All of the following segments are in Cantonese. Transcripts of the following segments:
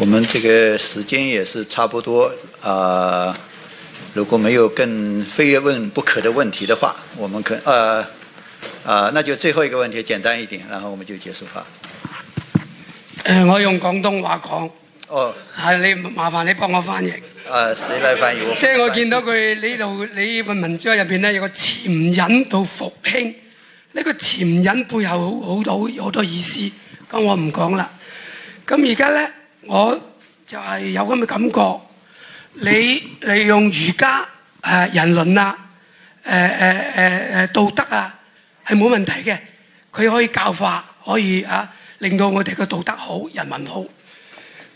我們這個時間也是差不多啊、呃，如果沒有更非問不可的問題的話，我們可，呃啊、呃，那就最後一個問題簡單一點，然後我們就結束吧、呃。我用廣東話講。哦，係你麻煩你幫我翻譯。啊、呃，誰來翻譯我？即、就是、我見到佢呢度呢份文章入邊呢有個潛隱到復興，呢、這個潛隱背後好好多好多意思，咁我唔講啦。咁而家呢。我就係有咁嘅感覺，你利用儒家、呃、人倫啊、呃呃，道德啊，係冇問題嘅。佢可以教化，可以、啊、令到我哋嘅道德好，人民好。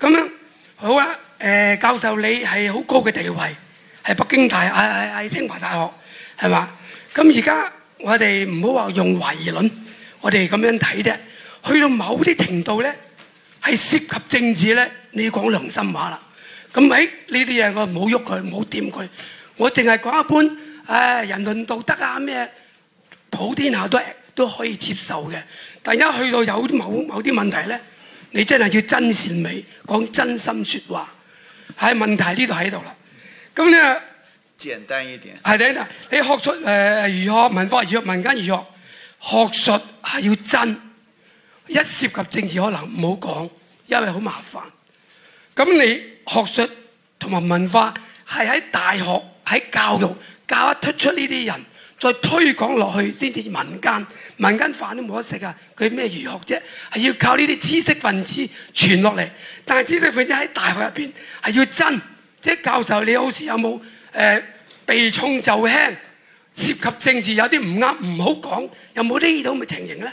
咁樣好啊、呃？教授，你係好高嘅地位，喺北京大，喺喺清華大學，係吧？咁而家我哋唔好話用懷疑論，我哋咁樣睇啫。去到某啲程度呢。係涉及政治咧，你要講良心話啦。咁喺呢啲嘢，我唔好喐佢，唔好掂佢。我淨係講一般，哎、人倫道德啊，咩普天下都，都可以接受嘅。但一去到有某某啲問題呢，你真係要真善美，講真心説話。喺問題呢度喺度喇。咁呢，簡單一點，你學術如儒學、文化、粵民間儒學，學術係要真。一涉及政治，可能唔好講，因為好麻煩。咁你學術同埋文化係喺大學，喺教育教一推出呢啲人，再推廣落去先至民間，民間飯都冇得食啊！佢咩儒學啫，係要靠呢啲知識分子傳落嚟。但係知識分子喺大學入邊係要真，即、就是、教授你好似有冇有、呃、避重就輕，涉及政治有啲唔啱，唔好講，有冇有，沒有到這咁嘅情形咧？